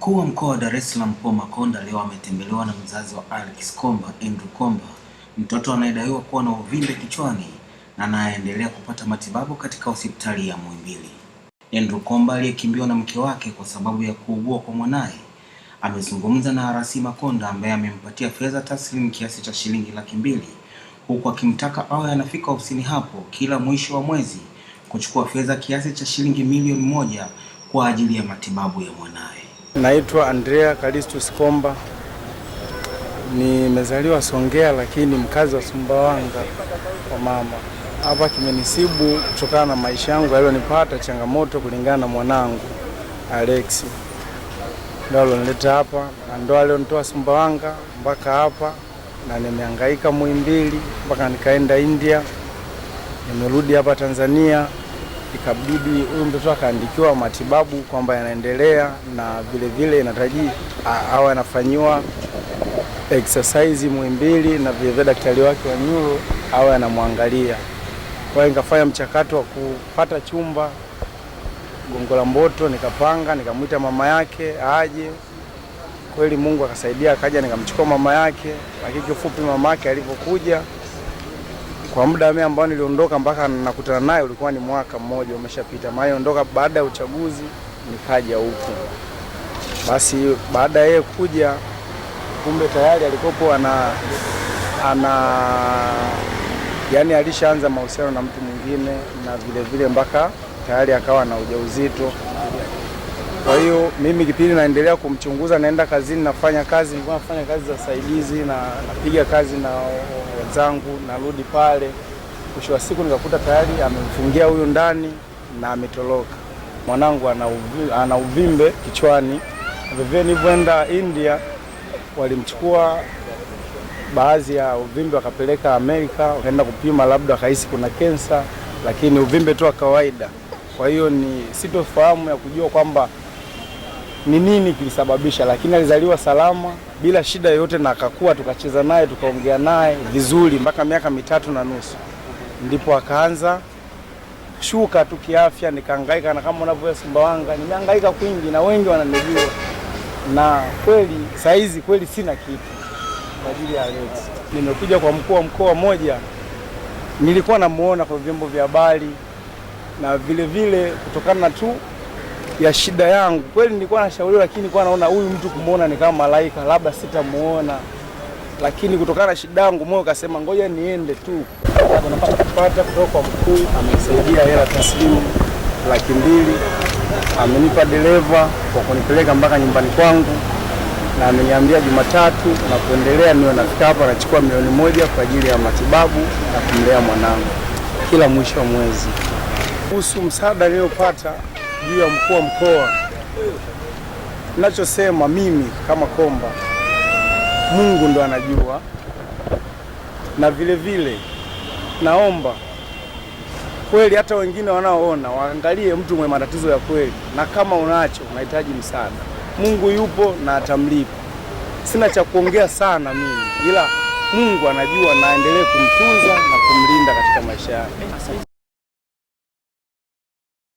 Mkuu wa Mkoa wa Dar es Salaam Paul Makonda leo ametembelewa na mzazi wa Alex Komba, Andrew Komba, mtoto anayedaiwa kuwa na uvimbe kichwani na anaendelea kupata matibabu katika hospitali ya Muhimbili. Andrew Komba aliyekimbiwa na mke wake kwa sababu ya kuugua kwa mwanaye amezungumza na RC Makonda ambaye amempatia fedha taslimu kiasi cha shilingi laki mbili huku akimtaka awe anafika ofisini hapo kila mwisho wa mwezi kuchukua fedha kiasi cha shilingi milioni moja kwa ajili ya matibabu ya mwanaye. Naitwa Andrea Kalistus Komba, nimezaliwa Songea lakini mkazi wa Sumbawanga kwa mama. Hapa kimenisibu kutokana na maisha yangu yaliyonipata changamoto kulingana na mwanangu Alexi, ndio alionileta hapa na ndio alionitoa Sumbawanga mpaka hapa, na nimehangaika Muhimbili mpaka nikaenda India, nimerudi hapa Tanzania ikabidi huyu mtoto akaandikiwa matibabu kwamba yanaendelea, na vilevile inataji awe anafanyiwa exercise Muhimbili, na vile daktari wake wa nyuro awe anamwangalia. Kwa hiyo nikafanya mchakato wa kupata chumba Gongo la Mboto, nikapanga, nikamwita mama yake aje. Kweli Mungu akasaidia, akaja, nikamchukua mama yake. Lakini kifupi, mama yake alivyokuja kwa muda mimi ambao niliondoka mpaka nakutana naye ulikuwa ni mwaka mmoja umeshapita. Maana niliondoka baada ya uchaguzi nikaja huku. Basi baada yeye kuja, kumbe tayari alikopo ana ana yani alishaanza mahusiano na mtu mwingine na vile vile mpaka tayari akawa na ujauzito. Kwa hiyo mimi kipindi naendelea kumchunguza, naenda kazini, nafanya kazi, nilikuwa nafanya kazi za saidizi na napiga kazi na wenzangu, narudi pale, mwisho wa siku nikakuta tayari amemfungia huyu ndani na ametoroka. Mwanangu ana ana uvimbe kichwani. Vivyo nilivyoenda India, walimchukua baadhi ya uvimbe wakapeleka Amerika, wakaenda kupima, labda akahisi kuna kensa, lakini uvimbe tu wa kawaida. Kwa hiyo ni sitofahamu ya kujua kwamba ni nini kilisababisha, lakini alizaliwa salama bila shida yoyote, na akakua, tukacheza naye tukaongea naye vizuri mpaka miaka mitatu na nusu ndipo akaanza shuka tu kiafya, nikahangaika na kama Simba Wanga, nimehangaika kwingi na wengi wananijua, na kweli saizi kweli sina kitu kwa ajili ya Alex. Nimekuja kwa mkuu wa mkoa moja nilikuwa namuona kwa vyombo vya habari na vile vile kutokana tu ya shida yangu. Kweli nilikuwa nashauriwa, lakini nilikuwa naona huyu mtu kumwona ni kama malaika, labda sitamuona, lakini kutokana na shida yangu moyo kasema ngoja niende tu. Napata kupata kutoka kwa mkuu, amesaidia hela taslimu laki mbili, amenipa dereva kwa kunipeleka mpaka nyumbani kwangu na ameniambia Jumatatu na kuendelea niwe nafika hapa nachukua milioni moja kwa ajili ya matibabu na kumlea mwanangu kila mwisho wa mwezi. Kuhusu msaada niliyopata juu ya mkuu wa mkoa. Ninachosema mimi kama Komba, Mungu ndo anajua, na vile vile naomba kweli hata wengine wanaoona waangalie mtu mwenye matatizo ya kweli, na kama unacho unahitaji msaada, Mungu yupo na atamlipa. Sina cha kuongea sana mimi, ila Mungu anajua, naendelee kumtunza na kumlinda katika maisha yake.